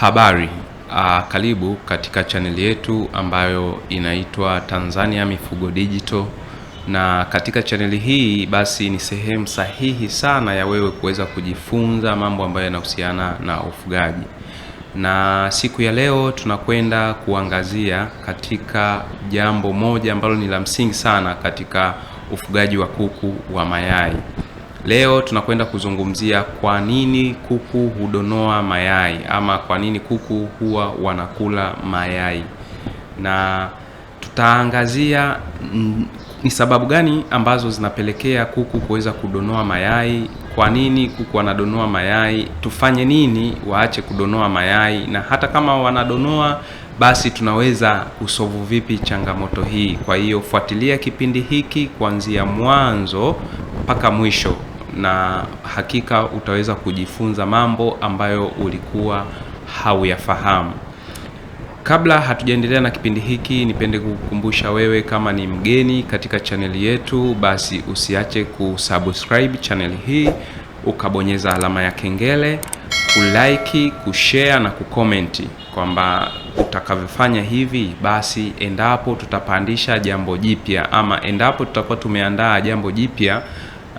Habari, uh, karibu katika chaneli yetu ambayo inaitwa Tanzania Mifugo Digital, na katika chaneli hii basi ni sehemu sahihi sana ya wewe kuweza kujifunza mambo ambayo yanahusiana na ufugaji, na siku ya leo tunakwenda kuangazia katika jambo moja ambalo ni la msingi sana katika ufugaji wa kuku wa mayai. Leo tunakwenda kuzungumzia kwa nini kuku hudonoa mayai ama kwa nini kuku huwa wanakula mayai, na tutaangazia ni sababu gani ambazo zinapelekea kuku kuweza kudonoa mayai, kwa nini kuku wanadonoa mayai, tufanye nini waache kudonoa mayai, na hata kama wanadonoa basi tunaweza kusovu vipi changamoto hii. Kwa hiyo fuatilia kipindi hiki kuanzia mwanzo mpaka mwisho na hakika utaweza kujifunza mambo ambayo ulikuwa hauyafahamu. Kabla hatujaendelea na kipindi hiki, nipende kukukumbusha wewe kama ni mgeni katika chaneli yetu, basi usiache kusubscribe chaneli hii, ukabonyeza alama ya kengele, kulike, kushare na kukomenti, kwamba utakavyofanya hivi, basi endapo tutapandisha jambo jipya ama endapo tutakuwa tumeandaa jambo jipya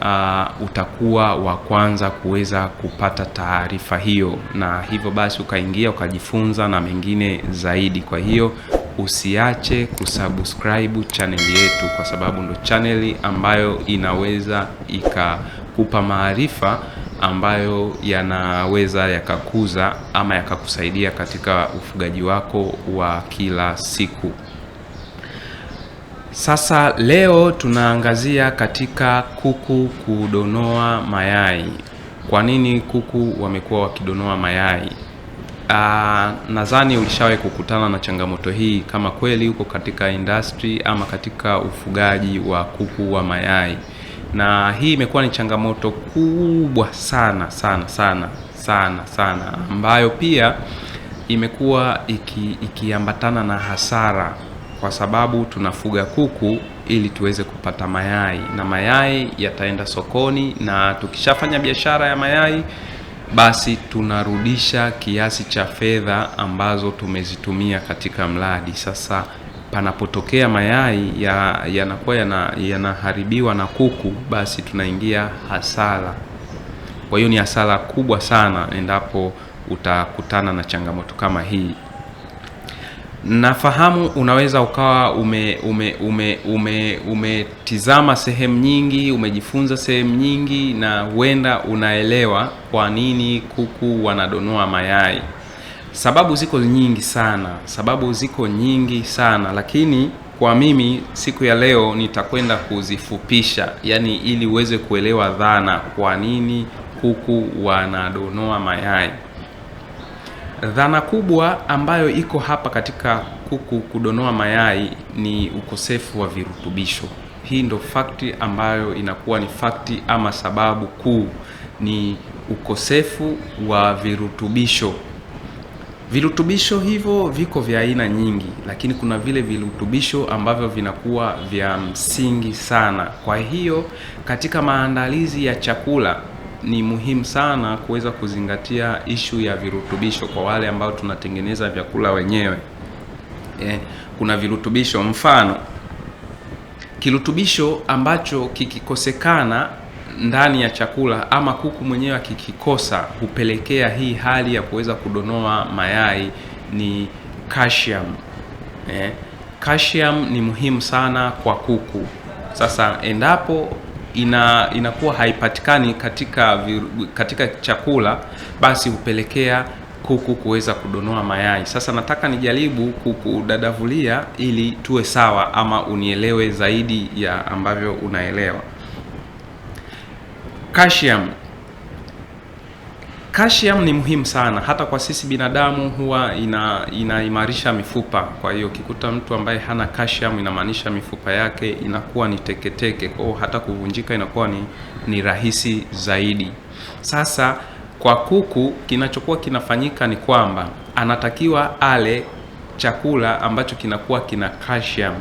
uh, utakuwa wa kwanza kuweza kupata taarifa hiyo, na hivyo basi ukaingia ukajifunza na mengine zaidi. Kwa hiyo usiache kusubscribe chaneli yetu, kwa sababu ndo chaneli ambayo inaweza ikakupa maarifa ambayo yanaweza yakakuza ama yakakusaidia katika ufugaji wako wa kila siku. Sasa leo tunaangazia katika kuku kudonoa mayai. Kwa nini kuku wamekuwa wakidonoa mayai? Aa, ah, nadhani ulishawahi kukutana na changamoto hii kama kweli uko katika industry ama katika ufugaji wa kuku wa mayai, na hii imekuwa ni changamoto kubwa sana sana sana sana sana ambayo pia imekuwa iki, ikiambatana na hasara kwa sababu tunafuga kuku ili tuweze kupata mayai, na mayai yataenda sokoni, na tukishafanya biashara ya mayai basi tunarudisha kiasi cha fedha ambazo tumezitumia katika mradi. Sasa panapotokea mayai yanakuwa ya yanaharibiwa na kuku, basi tunaingia hasara. Kwa hiyo ni hasara kubwa sana endapo utakutana na changamoto kama hii. Nafahamu unaweza ukawa umetizama ume, ume, ume, ume sehemu nyingi, umejifunza sehemu nyingi, na huenda unaelewa kwa nini kuku wanadonoa mayai. Sababu ziko nyingi sana, sababu ziko nyingi sana, lakini kwa mimi siku ya leo nitakwenda kuzifupisha, yani ili uweze kuelewa dhana kwa nini kuku wanadonoa mayai. Dhana kubwa ambayo iko hapa katika kuku kudonoa mayai ni ukosefu wa virutubisho. Hii ndo fakti ambayo inakuwa ni fakti ama sababu kuu ni ukosefu wa virutubisho. Virutubisho hivyo viko vya aina nyingi, lakini kuna vile virutubisho ambavyo vinakuwa vya msingi sana. Kwa hiyo katika maandalizi ya chakula ni muhimu sana kuweza kuzingatia ishu ya virutubisho kwa wale ambao tunatengeneza vyakula wenyewe. Eh, kuna virutubisho, mfano kirutubisho ambacho kikikosekana ndani ya chakula ama kuku mwenyewe akikikosa hupelekea hii hali ya kuweza kudonoa mayai ni calcium. Eh, calcium ni muhimu sana kwa kuku. Sasa endapo ina inakuwa haipatikani katika katika chakula, basi hupelekea kuku kuweza kudonoa mayai. Sasa nataka nijaribu kukudadavulia ili tuwe sawa, ama unielewe zaidi ya ambavyo unaelewa. Calcium Calcium ni muhimu sana hata kwa sisi binadamu, huwa ina inaimarisha mifupa. Kwa hiyo ukikuta mtu ambaye hana calcium, inamaanisha mifupa yake inakuwa ni teketeke, kwa hiyo hata kuvunjika inakuwa ni, ni rahisi zaidi. Sasa kwa kuku kinachokuwa kinafanyika ni kwamba anatakiwa ale chakula ambacho kinakuwa kina calcium.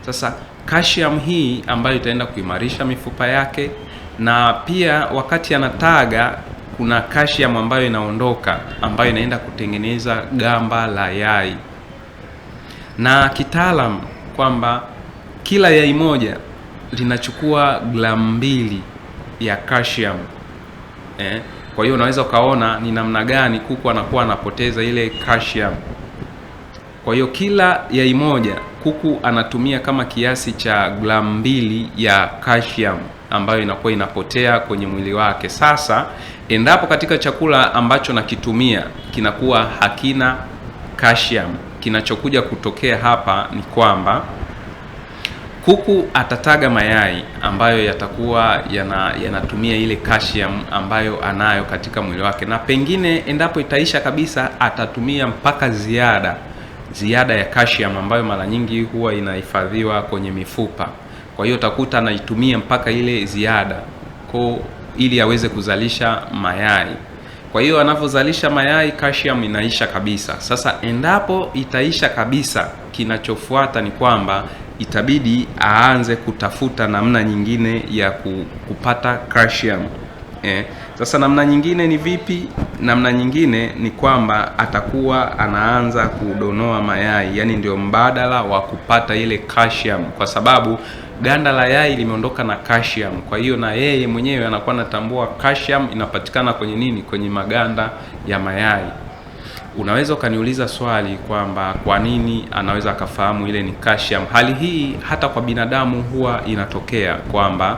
Sasa calcium hii ambayo itaenda kuimarisha mifupa yake na pia wakati anataga kuna calcium ambayo inaondoka ambayo inaenda kutengeneza gamba la yai, na kitaalam kwamba kila yai moja linachukua gramu mbili ya calcium eh. Kwa hiyo unaweza ukaona ni namna gani kuku anakuwa anapoteza ile calcium. Kwa hiyo kila yai moja kuku anatumia kama kiasi cha gramu mbili ya calcium ambayo inakuwa inapotea kwenye mwili wake. Sasa endapo katika chakula ambacho nakitumia kinakuwa hakina calcium, kinachokuja kutokea hapa ni kwamba kuku atataga mayai ambayo yatakuwa yana, yanatumia ile calcium ambayo anayo katika mwili wake, na pengine endapo itaisha kabisa atatumia mpaka ziada ziada ya calcium ambayo mara nyingi huwa inahifadhiwa kwenye mifupa. Kwa hiyo utakuta anaitumia mpaka ile ziada ko ili aweze kuzalisha mayai. Kwa hiyo anavyozalisha mayai calcium inaisha kabisa. Sasa endapo itaisha kabisa, kinachofuata ni kwamba itabidi aanze kutafuta namna nyingine ya kupata calcium. Eh, sasa namna nyingine ni vipi? Namna nyingine ni kwamba atakuwa anaanza kudonoa mayai, yani ndio mbadala wa kupata ile calcium kwa sababu ganda la yai limeondoka na calcium. Kwa hiyo na yeye mwenyewe anakuwa anatambua calcium inapatikana kwenye nini, kwenye maganda ya mayai. Unaweza ukaniuliza swali kwamba kwa nini anaweza akafahamu ile ni calcium. Hali hii hata kwa binadamu huwa inatokea kwamba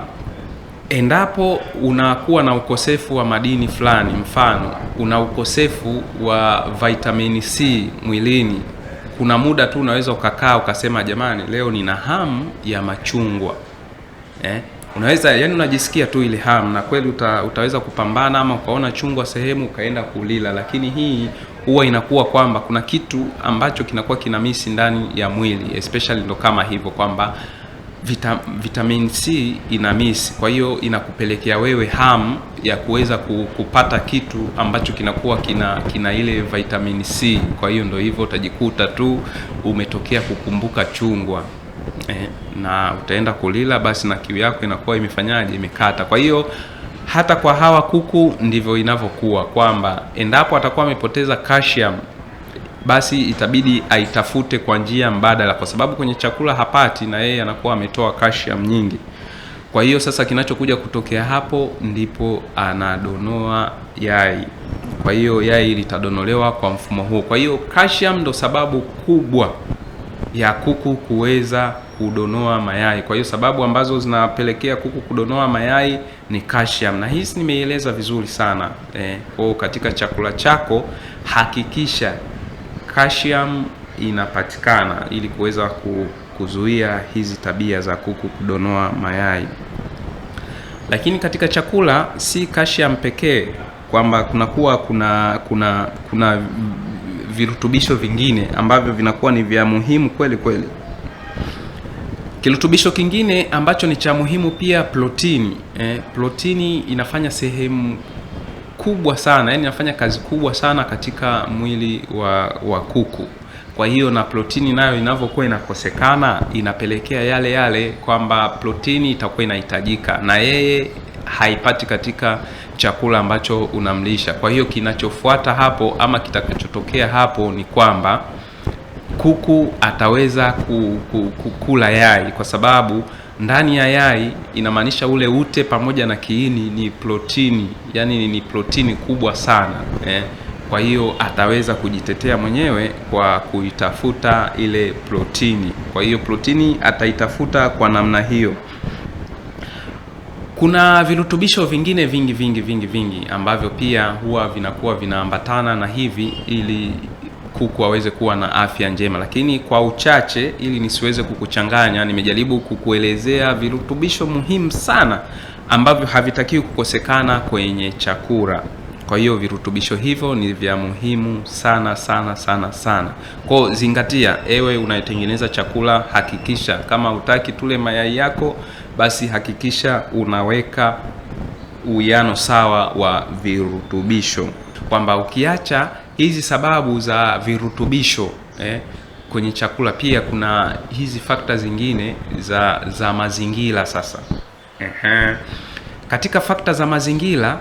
endapo unakuwa na ukosefu wa madini fulani, mfano una ukosefu wa vitamini C mwilini kuna muda tu unaweza ukakaa ukasema jamani, leo nina hamu ya machungwa eh? Unaweza yani, unajisikia tu ile hamu na kweli uta, utaweza kupambana ama ukaona chungwa sehemu ukaenda kulila, lakini hii huwa inakuwa kwamba kuna kitu ambacho kinakuwa kinamisi ndani ya mwili especially ndo kama hivyo kwamba vita, vitamin C ina miss, kwa hiyo inakupelekea wewe hamu ya kuweza kupata kitu ambacho kinakuwa kina kina ile vitamin C. Kwa hiyo ndo hivyo, utajikuta tu umetokea kukumbuka chungwa eh, na utaenda kulila basi, na kiu yako inakuwa imefanyaje, imekata. Kwa hiyo hata kwa hawa kuku ndivyo inavyokuwa kwamba endapo atakuwa amepoteza calcium basi itabidi aitafute kwa njia mbadala, kwa sababu kwenye chakula hapati, na yeye anakuwa ametoa calcium nyingi. Kwa hiyo sasa kinachokuja kutokea hapo ndipo anadonoa yai, kwa hiyo yai litadonolewa kwa mfumo huo. Kwa hiyo calcium ndo sababu kubwa ya kuku kuweza kudonoa mayai. Kwa hiyo sababu ambazo zinapelekea kuku kudonoa mayai ni calcium, na hisi nimeieleza vizuri sana eh. Kwa katika chakula chako hakikisha calcium inapatikana ili kuweza kuzuia hizi tabia za kuku kudonoa mayai. Lakini katika chakula si calcium pekee, kwamba kunakuwa kuna kuna kuna virutubisho vingine ambavyo vinakuwa ni vya muhimu kweli kweli. Kirutubisho kingine ambacho ni cha muhimu pia protini. Eh, protini inafanya sehemu kubwa sana, yani inafanya kazi kubwa sana katika mwili wa, wa kuku. Kwa hiyo na protini nayo inavyokuwa inakosekana inapelekea yale yale kwamba protini itakuwa inahitajika na yeye haipati katika chakula ambacho unamlisha. Kwa hiyo kinachofuata hapo ama kitakachotokea hapo ni kwamba kuku ataweza kukula yai kwa sababu ndani ya yai inamaanisha ule ute pamoja na kiini ni protini, yani ni protini kubwa sana eh. Kwa hiyo ataweza kujitetea mwenyewe kwa kuitafuta ile protini. Kwa hiyo protini ataitafuta kwa namna hiyo. Kuna virutubisho vingine vingi vingi vingi vingi ambavyo pia huwa vinakuwa vinaambatana na hivi ili kuku aweze kuwa na afya njema. Lakini kwa uchache, ili nisiweze kukuchanganya, nimejaribu kukuelezea virutubisho muhimu sana ambavyo havitakiwi kukosekana kwenye chakula. Kwa hiyo virutubisho hivyo ni vya muhimu sana sana sana sana. Kwa zingatia, ewe unayetengeneza chakula, hakikisha kama utaki tule mayai yako, basi hakikisha unaweka uwiano sawa wa virutubisho, kwamba ukiacha hizi sababu za virutubisho eh, kwenye chakula pia kuna hizi fakta zingine za za mazingira sasa. Uh-huh. Katika fakta za mazingira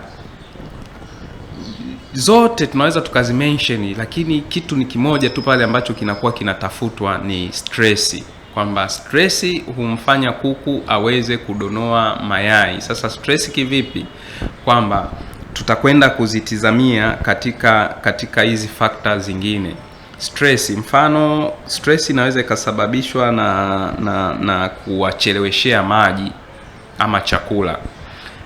zote tunaweza tukazimensheni, lakini kitu ni kimoja tu pale ambacho kinakuwa kinatafutwa ni stresi, kwamba stresi humfanya kuku aweze kudonoa mayai. Sasa stresi kivipi? kwamba tutakwenda kuzitizamia katika katika hizi fakta zingine. Stress, mfano stress inaweza ikasababishwa na na, na kuwacheleweshea maji ama chakula.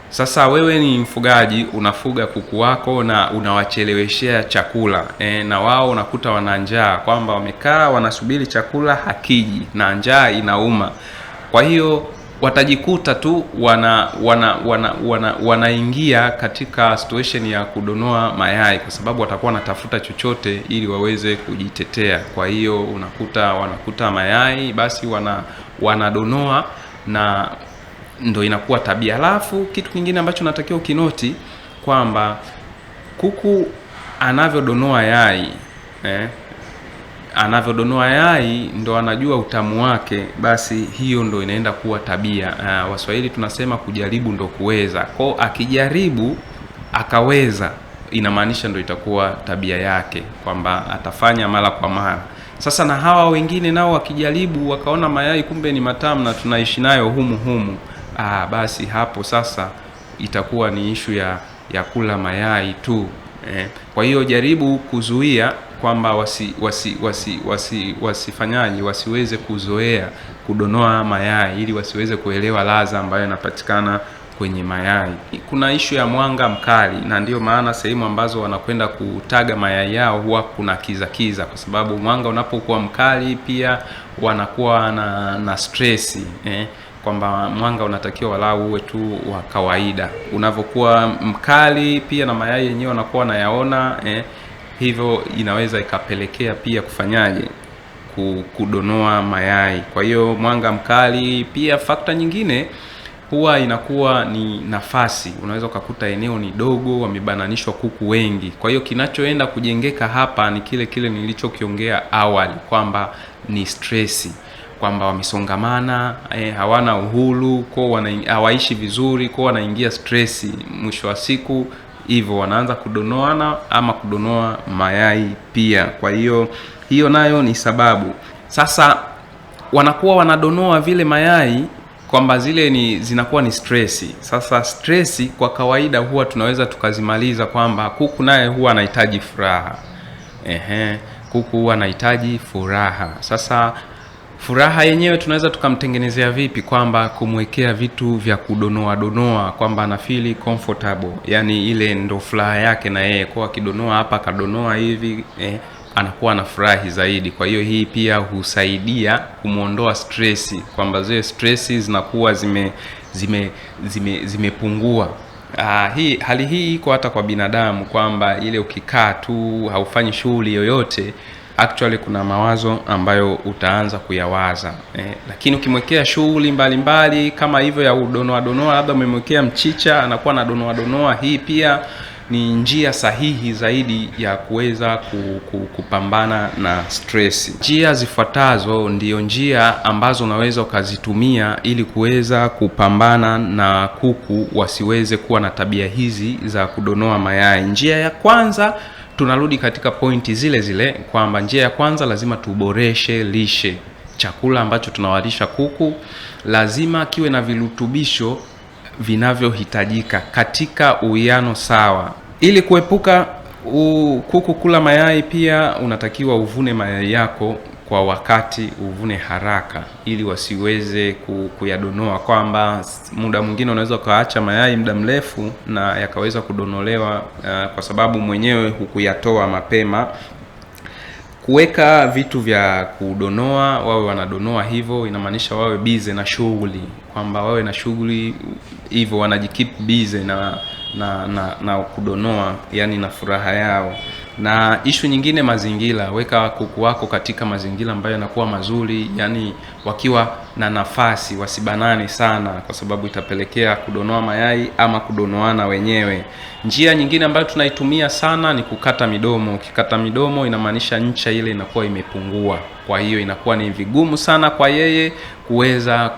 Sasa wewe ni mfugaji, unafuga kuku wako na unawacheleweshea chakula e, na wao unakuta wana njaa kwamba wamekaa wanasubiri chakula hakiji na njaa inauma, kwa hiyo watajikuta tu wanaingia wana, wana, wana katika situation ya kudonoa mayai kwa sababu watakuwa wanatafuta chochote ili waweze kujitetea. Kwa hiyo unakuta wanakuta mayai basi wana wanadonoa na ndo inakuwa tabia. halafu kitu kingine ambacho natakiwa ukinoti kwamba kuku anavyodonoa yai eh, anavyodonoa yai ndo anajua utamu wake, basi hiyo ndo inaenda kuwa tabia. Aa, ah, Waswahili tunasema kujaribu ndo kuweza. Kwa akijaribu akaweza, inamaanisha ndo itakuwa tabia yake kwamba atafanya mara kwa mara. Sasa na hawa wengine nao wakijaribu wakaona mayai kumbe ni matamu na tunaishi nayo humu humu, aa, ah, basi hapo sasa itakuwa ni ishu ya ya kula mayai tu eh. Kwa hiyo jaribu kuzuia kwamba wasi wasi wasi wasi wasifanyaji wasiweze kuzoea kudonoa mayai ili wasiweze kuelewa ladha ambayo inapatikana kwenye mayai. Kuna ishu ya mwanga mkali, na ndiyo maana sehemu ambazo wanakwenda kutaga mayai yao huwa kuna kiza kiza, kwa sababu mwanga unapokuwa mkali pia wanakuwa na, na stress eh, kwamba mwanga unatakiwa walau uwe tu wa kawaida. Unavyokuwa mkali pia na mayai yenyewe wanakuwa wanayaona eh, hivyo inaweza ikapelekea pia kufanyaje kudonoa mayai. Kwa hiyo mwanga mkali pia, fakta nyingine huwa inakuwa ni nafasi. Unaweza ukakuta eneo ni dogo, wamebananishwa kuku wengi. Kwa hiyo kinachoenda kujengeka hapa ni kile kile nilichokiongea awali kwamba ni stresi, kwamba wamesongamana eh, hawana uhuru kwao, hawaishi vizuri kwao, wanaingia stresi, mwisho wa siku hivyo wanaanza kudonoana ama kudonoa mayai pia. Kwa hiyo hiyo nayo ni sababu. Sasa wanakuwa wanadonoa vile mayai kwamba zile ni zinakuwa ni stress. Sasa stress kwa kawaida huwa tunaweza tukazimaliza kwamba kuku naye huwa anahitaji furaha. Ehe, kuku huwa anahitaji furaha. Sasa Furaha yenyewe tunaweza tukamtengenezea vipi, kwamba kumwekea vitu vya kudonoa donoa, kwamba anafili comfortable, yani ile ndo furaha yake na yeye, kwa akidonoa hapa akadonoa hivi eh, anakuwa furahi zaidi. Kwa hiyo hii pia husaidia kumwondoa stress, kwamba zile stress zinakuwa zime zime zimepungua zime Uh, ah, hii hali hii iko hata kwa binadamu kwamba ile ukikaa tu haufanyi shughuli yoyote actually kuna mawazo ambayo utaanza kuyawaza eh, lakini ukimwekea shughuli mbalimbali kama hivyo ya udonoa donoa, labda umemwekea mchicha anakuwa na donoa donoa, hii pia ni njia sahihi zaidi ya kuweza kupambana na stress. Njia zifuatazo ndiyo njia ambazo unaweza ukazitumia ili kuweza kupambana na kuku wasiweze kuwa na tabia hizi za kudonoa mayai. Njia ya kwanza tunarudi katika pointi zile zile kwamba njia ya kwanza lazima tuboreshe lishe. Chakula ambacho tunawalisha kuku lazima kiwe na virutubisho vinavyohitajika katika uwiano sawa, ili kuepuka u, kuku kula mayai. Pia unatakiwa uvune mayai yako kwa wakati, uvune haraka, ili wasiweze kuyadonoa, kwamba muda mwingine unaweza ukaacha mayai muda mrefu na yakaweza kudonolewa uh, kwa sababu mwenyewe hukuyatoa mapema kuweka vitu vya kudonoa, wawe wanadonoa hivyo, inamaanisha wawe bize na shughuli, kwamba wawe na shughuli hivyo, wanajikip bize na na, na na kudonoa, yani na furaha yao na ishu nyingine mazingira, weka kuku wako katika mazingira ambayo yanakuwa mazuri, yani wakiwa na nafasi, wasibanani sana, kwa sababu itapelekea kudonoa mayai ama kudonoana wenyewe. Njia nyingine ambayo tunaitumia sana ni kukata midomo. Ukikata midomo, inamaanisha ncha ile inakuwa imepungua, kwa hiyo inakuwa ni vigumu sana kwa yeye kuweza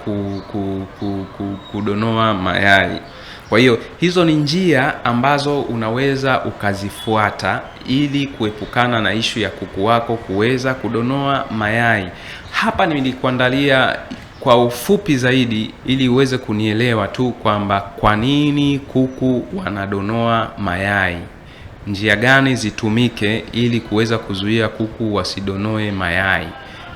kudonoa mayai. Kwa hiyo hizo ni njia ambazo unaweza ukazifuata ili kuepukana na ishu ya kuku wako kuweza kudonoa mayai. Hapa nilikuandalia kwa ufupi zaidi ili uweze kunielewa tu kwamba kwa nini kuku wanadonoa mayai, njia gani zitumike ili kuweza kuzuia kuku wasidonoe mayai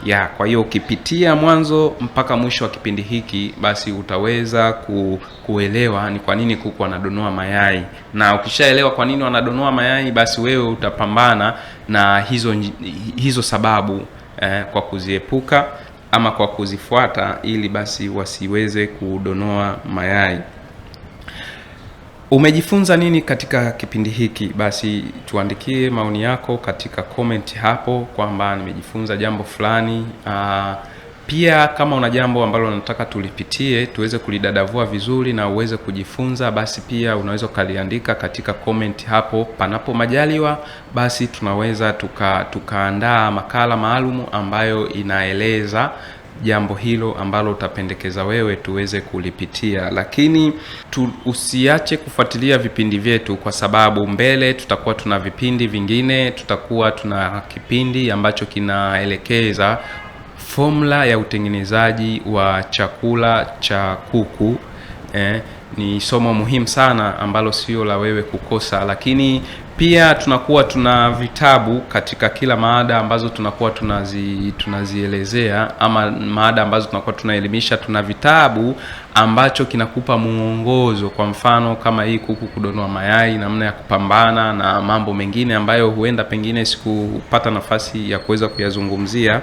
ya kwa hiyo ukipitia mwanzo mpaka mwisho wa kipindi hiki, basi utaweza ku, kuelewa ni kwa nini kuku wanadonoa mayai, na ukishaelewa kwa nini wanadonoa mayai, basi wewe utapambana na hizo hizo sababu eh, kwa kuziepuka ama kwa kuzifuata ili basi wasiweze kudonoa mayai. Umejifunza nini katika kipindi hiki? Basi tuandikie maoni yako katika comment hapo kwamba nimejifunza jambo fulani. Uh, pia kama una jambo ambalo unataka tulipitie tuweze kulidadavua vizuri na uweze kujifunza, basi pia unaweza ukaliandika katika comment hapo. Panapo majaliwa, basi tunaweza tuka, tukaandaa makala maalumu ambayo inaeleza jambo hilo ambalo utapendekeza wewe tuweze kulipitia, lakini tu, usiache kufuatilia vipindi vyetu, kwa sababu mbele tutakuwa tuna vipindi vingine, tutakuwa tuna kipindi ambacho kinaelekeza fomula ya utengenezaji wa chakula cha kuku eh, ni somo muhimu sana ambalo sio la wewe kukosa, lakini pia tunakuwa tuna vitabu katika kila maada ambazo tunakuwa tunazi tunazielezea ama maada ambazo tunakuwa tunaelimisha. Tuna vitabu ambacho kinakupa muongozo kwa mfano kama hii kuku kudonoa mayai, namna ya kupambana na mambo mengine ambayo huenda pengine sikupata nafasi ya kuweza kuyazungumzia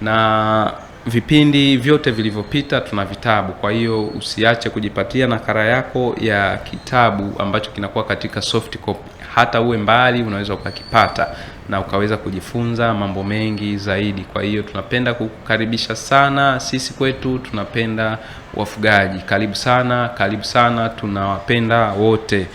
na vipindi vyote vilivyopita tuna vitabu, kwa hiyo usiache kujipatia nakara yako ya kitabu ambacho kinakuwa katika soft copy. Hata uwe mbali, unaweza ukakipata na ukaweza kujifunza mambo mengi zaidi. Kwa hiyo tunapenda kukaribisha sana, sisi kwetu tunapenda wafugaji. Karibu sana, karibu sana, tunawapenda wote.